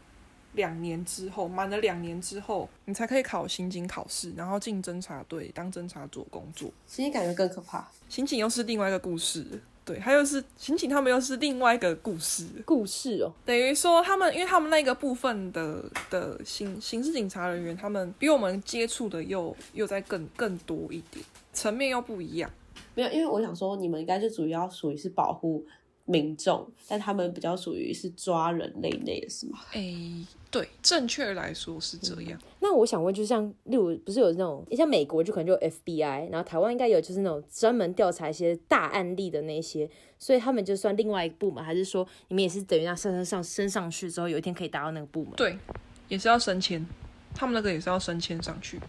兩年之後滿了兩年之後，你才可以考刑警考試，然後進偵查隊當偵查組工作。刑警感覺更可怕。刑警又是另外一個故事，對，還有、就是刑警他們又是另外一個故事。故事哦，等於說他們，因為他們那個部分的的刑刑事警察人員，他們比我們接觸的又又在更更多一點層面又不一樣。沒有，因為我想說你們應該是主要屬於是保護民眾，但他們比較屬於是抓人類類的是嗎？誒。對，正確來說是這樣。嗯、那我想問就，就是像例如，不是有那種，像美國就可能就有 FBI，然後台灣應該有就是那種專門調查一些大案例的那些，所以他們就算另外一個部門，還是說你們也是等於要上升上升上去之後，有一天可以達到那個部門？對，也是要升遷，他們那個也是要升遷上去。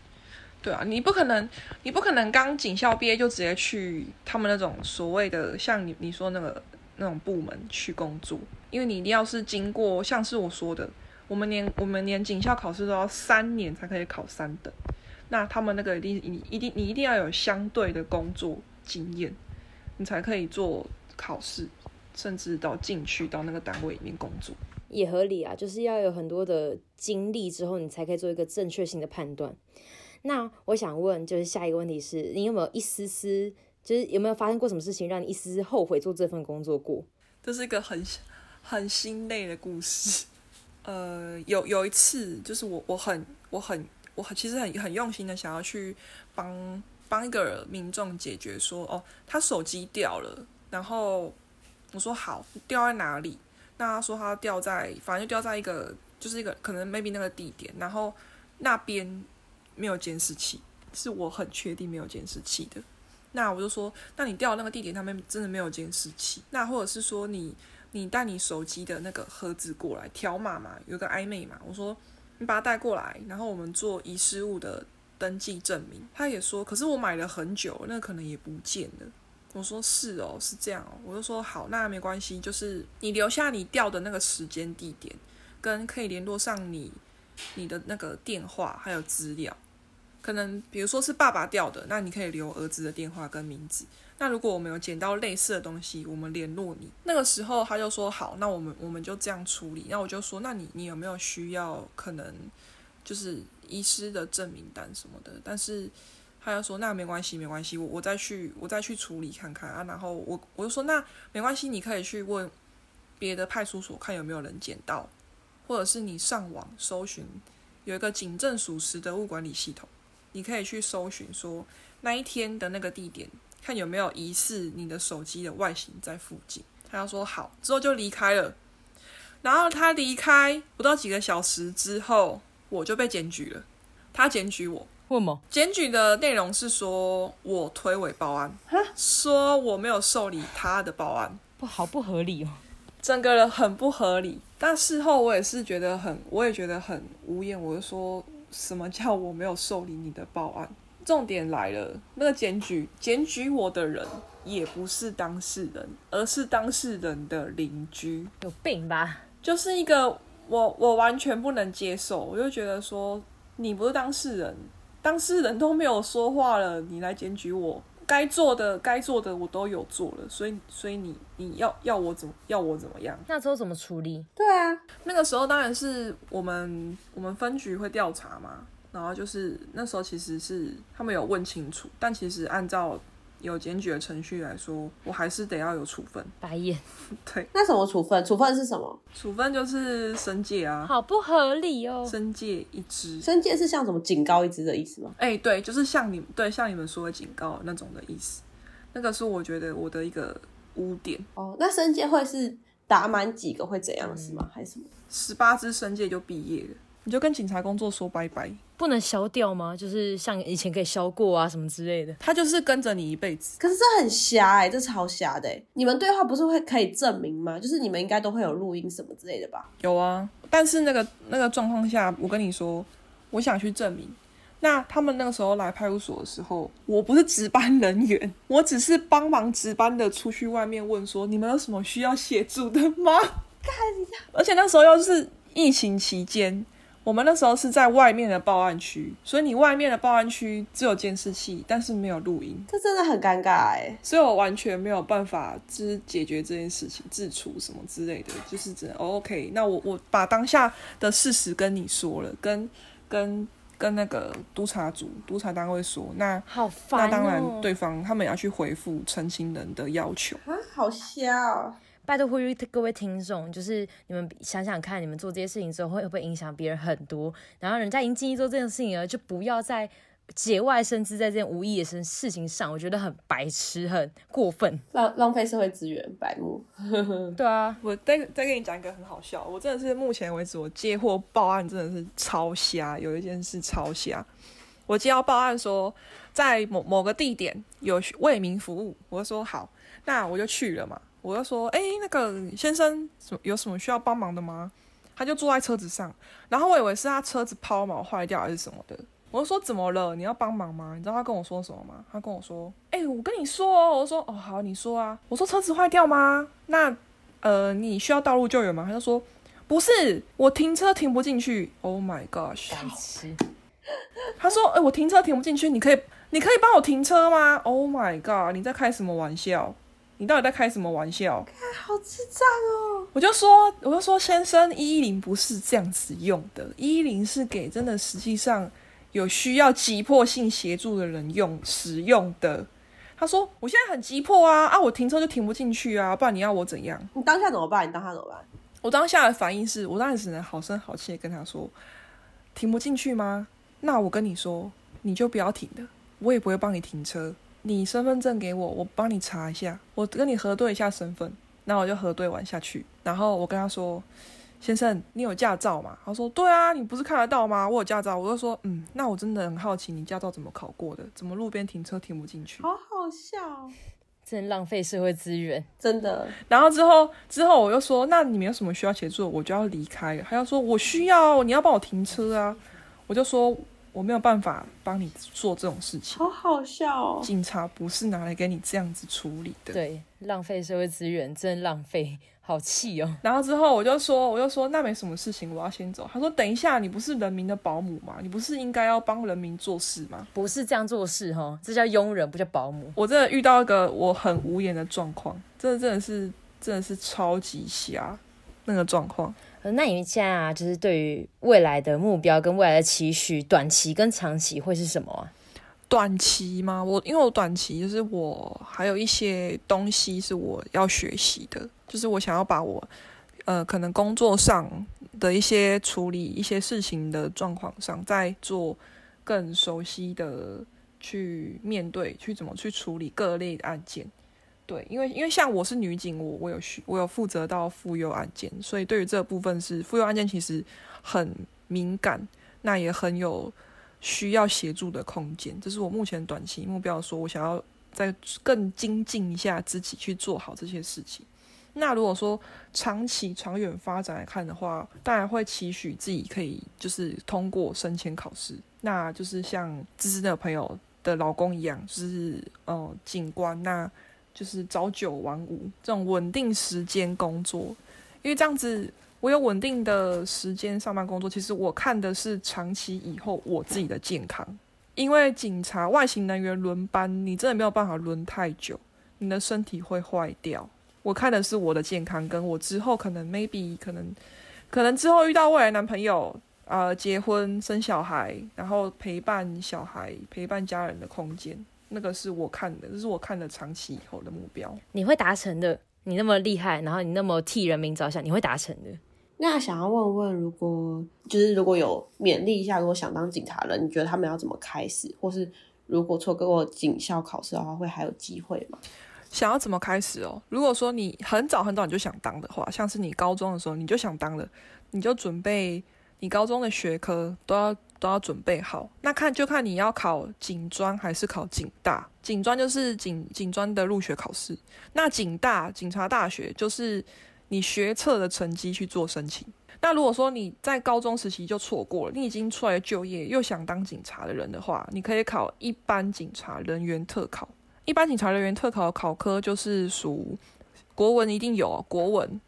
對啊，你不可能，你不可能剛警校畢業就直接去他們那種所謂的像你你說那個那種部門去工作，因為你一定要是經過像是我說的。我們連我們連警校考試都要三年才可以考三等，那他們那個一定，一定，你一定要有相對的工作經驗，你才可以做考試，甚至到進去到那個單位裡面工作也合理啊，就是要有很多的經歷之後你才可以做一個正確性的判斷。那我想問，就是下一個問題是，你有沒有一絲絲，就是有沒有發生過什麼事情讓你一絲絲後悔做這份工作過？這是一個很很心累的故事。呃，有有一次，就是我我很我很我很其實很很用心的想要去幫幫一個民眾解決說，說哦，他手機掉了，然後我說好，掉在哪裡？那他說他掉在，反正就掉在一個，就是一個可能 maybe 那個地點，然後那邊沒有監視器，是我很確定沒有監視器的。那我就說，那你掉的那個地點，他們真的沒有監視器？那或者是說你？你帶你手機的那個盒子過來，條碼嘛，有個 i 昧嘛，我說你把它帶過來，然後我們做遺失物的登記證明。他也說，可是我買了很久，那個、可能也不見了。我說是哦，是這樣哦，我就說好，那沒關係，就是你留下你掉的那個時間地點，跟可以聯絡上你你的那個電話還有資料。可能比如說是爸爸掉的，那你可以留兒子的電話跟名字。那如果我們有撿到類似的東西，我們聯絡你。那個時候他就說好，那我們我們就這樣處理。那我就說，那你你有沒有需要？可能就是醫師的證明單什麼的。但是他又說那沒關係，沒關係，我我再去我再去處理看看啊。然後我我就說那沒關係，你可以去問別的派出所看有沒有人撿到，或者是你上網搜尋有一個警政署拾得物管理系統。你可以去搜尋說那一天的那個地點，看有沒有疑似你的手機的外形在附近。他要說好之後就離開了，然後他離開不到幾個小時之後，我就被檢舉了。他檢舉我，會嗎？檢舉的內容是說我推諉報案，說我沒有受理他的報案。不好不合理哦，整個人很不合理。但事後我也是覺得很，我也覺得很無言。我就說。什麼叫我沒有受理你的報案？重點來了，那個檢舉檢舉我的人也不是當事人，而是當事人的鄰居，有病吧？就是一個我我完全不能接受，我就覺得說，你不是當事人，當事人都沒有說話了，你來檢舉我。該做的，該做的我都有做了，所以，所以你，你要要我怎麼，要我怎麼樣？那時候怎麼處理？對啊，那個時候當然是我們我們分局會調查嘛，然後就是那時候其實是他們有問清楚，但其實按照。有檢舉的程序來說，我還是得要有處分。白眼，對。那什麼處分？處分是什麼？處分就是申誡啊。好不合理哦。申誡一支。申誡是像什麼警告一支的意思嗎？哎、欸，對，就是像你對像你們說的警告那種的意思。那個是我覺得我的一個污點。哦，那申誡會是打滿幾個會怎樣、嗯、是嗎？還是什麼？十八支申誡就畢業了。你就跟警察工作說拜拜，不能消掉嗎？就是像以前可以消過啊什麼之類的。他就是跟着你一輩子。可是這很狹哎、欸，這是好狹的、欸。你們對話不是會可以證明嗎？就是你們應該都會有錄音什麼之類的吧？有啊，但是那個那個狀況下，我跟你說，我想去證明。那他們那個時候來派出所的時候，我不是值班人員，我只是幫忙值班的，出去外面問說你們有什麼需要協助的嗎？幹你！而且那時候又是疫情期間。我們那時候是在外面的報案區，所以你外面的報案區只有監視器，但是沒有錄音，這真的很尷尬哎、欸，所以我完全沒有辦法就是解決這件事情、自處什麼之類的，就是只能、oh, OK。那我我把當下的事實跟你說了，跟跟跟那個督察組、督察單位說，那好煩、哦、那當然，對方他們也要去回復澄清人的要求啊，好笑、哦。拜託呼籲各位聽眾，就是你們想想看，你們做這些事情之後會不會影響別人很多？然後人家已經盡力做這件事情了，就不要再節外生枝，在這件無意的事事情上，我覺得很白痴，很過分，浪浪費社會資源，白目。 對啊，我再再給你講一個很好笑，我真的是目前為止，我接獲報案真的是超瞎，有一件事超瞎，我接到報案說在某某個地點有為民服務，我說好，那我就去了嘛。我就說：“哎、欸，那個先生，什麼有什麼需要幫忙的嗎？”他就坐在車子上，然後我以為是他車子拋錨壞掉還是什麼的。我就說：“怎麼了？你要幫忙嗎？”你知道他跟我說什麼嗎？他跟我說：“哎、欸，我跟你說、哦，我說哦好，你說啊，我說車子壞掉嗎？那呃，你需要道路救援嗎？”他就說：“不是，我停車停不進去。”Oh my gosh！ 他說：“哎、欸，我停車停不進去，你可以，你可以幫我停車嗎？”Oh my God！你在開什麼玩笑？你到底在開什麼玩笑？Okay, 好智障哦！我就說，我就說，先生，一一零不是這樣子用的，一一零是給真的實際上有需要急迫性協助的人用使用的。他說：“我現在很急迫啊啊，我停車就停不進去啊，不然你要我怎樣？”你當下怎麼辦？你當下怎麼辦？我當下的反應是我當時只能好聲好氣的跟他說：“停不進去嗎？那我跟你說，你就不要停了，我也不會幫你停車。”你身份證給我，我幫你查一下，我跟你核對一下身份，然後我就核對完下去。然後我跟他說：“先生，你有駕照嗎？”他說：“對啊，你不是看得到嗎？我有駕照。”我就說：“嗯，那我真的很好奇，你駕照怎麼考過的？怎麼路邊停車停不進去？”好好笑哦，真浪費社會資源，真的。然後之後之後，我又說：“那你沒有什麼需要協助？我就要離開了。”還要說：“我需要，你要幫我停車啊！”我就說。我沒有辦法幫你做這種事情，好好笑哦！警察不是拿來給你這樣子處理的，對，浪費社會資源，真的浪費，好氣哦！然後之後我就說，我就說，那沒什麼事情，我要先走。他說，等一下，你不是人民的保姆嗎？你不是應該要幫人民做事嗎？不是這樣做事哈、哦，這叫傭人，不叫保姆。我真的遇到一個我很無言的狀況，真的真的是，真的是超級瞎那個狀況。那你們現在啊，就是對於未來的目標跟未來的期許，短期跟長期會是什麼啊？短期嗎？我因為我短期就是我還有一些東西是我要學習的，就是我想要把我呃可能工作上的一些處理一些事情的狀況上，再做更熟悉的去面對，去怎麼去處理各類的案件。對，因為因為像我是女警，我我有需我有負責到婦幼案件，所以對於這部分是婦幼案件其實很敏感，那也很有需要協助的空間。這是我目前短期目標的說，說我想要再更精進一下自己，去做好這些事情。那如果說長期長遠發展來看的話，當然會期許自己可以就是通過升遷考試，那就是像孜孜的朋友的老公一樣，就是呃警官那。就是朝九晚五這種穩定時間工作，因為這樣子我有穩定的時間上班工作。其實我看的是長期以後我自己的健康，因為警察外勤人員輪班，你真的沒有辦法輪太久，你的身體會壞掉。我看的是我的健康，跟我之後可能 maybe 可能可能之後遇到未來男朋友啊、呃，結婚生小孩，然後陪伴小孩陪伴家人的空間。那個是我看的，這是我看的長期以後的目標。你會達成的，你那麼厲害，然後你那麼替人民着想，你會達成的。那想要問問，如果就是如果有勉勵一下，如果想當警察了，你覺得他們要怎麼開始？或是如果錯過警校考試的話，會還有機會嗎？想要怎麼開始哦？如果說你很早很早你就想當的話，像是你高中的時候你就想當了，你就準備你高中的學科都要。都要準備好，那看就看你要考警專還是考警大。警專就是警警專的入學考試，那警大警察大學就是你學測的成績去做申請。那如果說你在高中時期就錯過了，你已經出來就業，又想當警察的人的話，你可以考一般警察人員特考。一般警察人員特考的考科就是屬國文，一定有國文、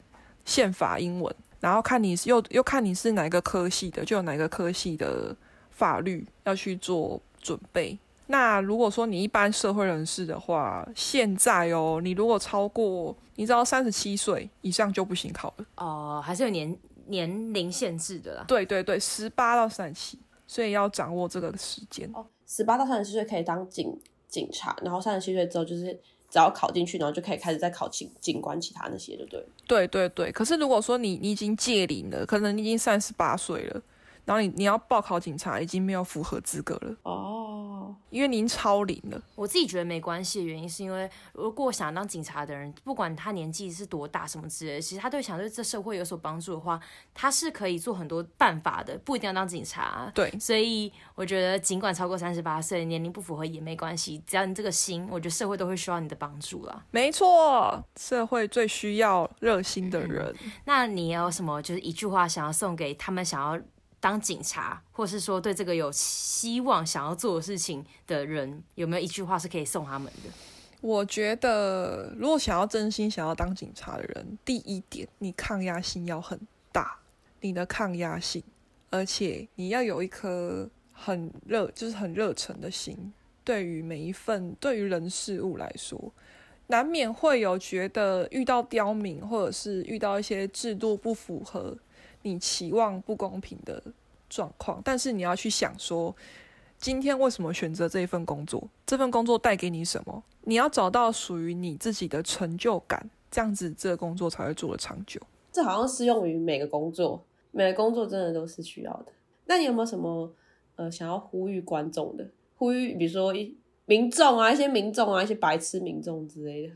憲法、英文，然後看你又又看你是哪一個科系的，就有哪個科系的。法律要去做準備。那如果說你一般社會人士的話，現在哦、喔，你如果超過，你知道三十七歲以上就不行考了哦、呃，還是有年年齡限制的啦。對對對，十八到三十七，所以要掌握這個時間哦。十八到三十七歲可以當警警察，然後三十七歲之後就是只要考進去，然後就可以開始再考警警官其他那些，對不對？對對對。可是如果說你你已經屆齡了，可能你已經三十八歲了。然後你你要報考警察已經沒有符合資格了哦，oh. 因為您超齡了。我自己覺得沒關係的原因是因為，如果想當警察的人，不管他年紀是多大什麼之類的其實他對想對這社會有所幫助的話，他是可以做很多辦法的，不一定要當警察。對，所以我覺得儘管超過三十八歲年齡不符合也沒關係，只要你這個心，我覺得社會都會需要你的幫助啦。沒錯，社會最需要熱心的人。 那你有什麼就是一句話想要送給他們想要？當警察，或是說對這個有希望想要做的事情的人，有沒有一句話是可以送他們的？我覺得，如果想要真心想要當警察的人，第一點，你抗壓性要很大，你的抗壓性，而且你要有一顆很熱，就是很熱忱的心。對於每一份，對於人事物來說，難免會有覺得遇到刁民，或者是遇到一些制度不符合。你期望不公平的狀況，但是你要去想說，今天為什麼選擇這一份工作？這份工作帶給你什麼？你要找到屬於你自己的成就感，這樣子，這個工作才會做得長久。這好像適用於每個工作，每個工作真的都是需要的。那你有沒有什麼呃想要呼籲觀眾的？呼籲，比如說一。民眾啊，一些民眾啊，一些白痴民眾之類的。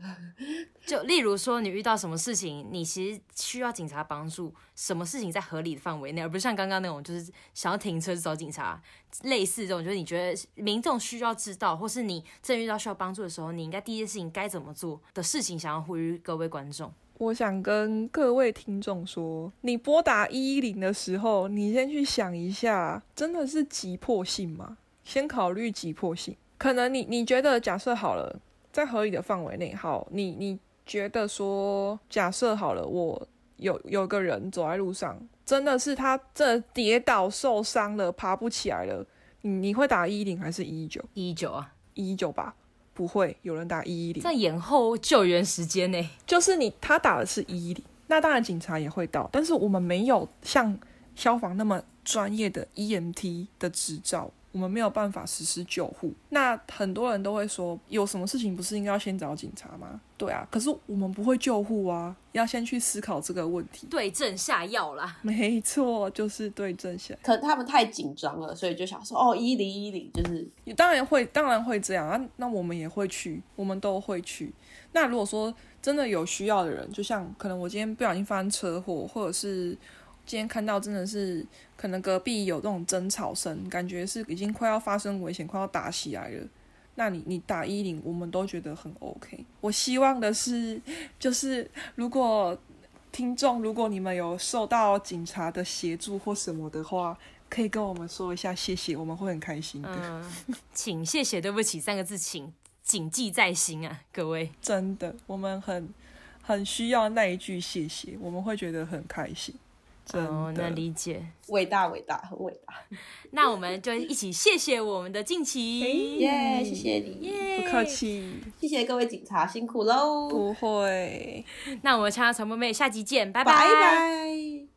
就例如說，你遇到什麼事情，你其實需要警察幫助，什麼事情在合理的範圍內，而不是像剛剛那種，就是想要停車找警察。類似這種，就是你覺得民眾需要知道，或是你正遇到需要幫助的時候，你應該第一件事情該怎麼做的事情，想要呼籲各位觀眾。我想跟各位聽眾說，你撥打一一零的時候，你先去想一下，真的是急迫性嗎？先考慮急迫性。可能你你覺得假設好了，在合理的範圍內，好，你你覺得說假設好了，我有有個人走在路上，真的是他這跌倒受傷了，爬不起來了，你你會打一一零還是一一九？一一九啊，一一九吧，不會有人打一一零，在延後救援時間呢、欸。就是你他打的是一一零，那當然警察也會到，但是我們沒有像消防那麼專業的 EMT 的執照。我們沒有辦法實施救護，那很多人都會說，有什麼事情不是應該要先找警察嗎？對啊，可是我們不會救護啊，要先去思考這個問題，對症下藥啦，沒錯，就是對症下。可他們太緊張了，所以就想說，哦，一零一零就是，你當然會，當然會這樣啊。那我們也會去，我們都會去。那如果說真的有需要的人，就像可能我今天不小心發生車禍，或者是。今天看到，真的是，可能隔壁有這種爭吵聲，感覺是已經快要發生危險，快要打起來了。那你你打一零，我們都覺得很 OK。我希望的是，就是如果聽眾如果你們有受到警察的協助或什麼的話，可以跟我們說一下，謝謝，我們會很開心的。嗯，請謝謝對不起三個字，請謹記在心啊，各位。真的，我們很很需要那一句謝謝，我們會覺得很開心。哦，能、oh, 理解，偉大偉大很偉大。偉大很偉大 那我們就一起謝謝我們的靖祺，耶、 yeah,，謝謝你，耶、yeah.，不客氣。謝謝各位警察，辛苦嘍。不會， 那我們嗆辣傳播妹，下集見，拜拜。Bye bye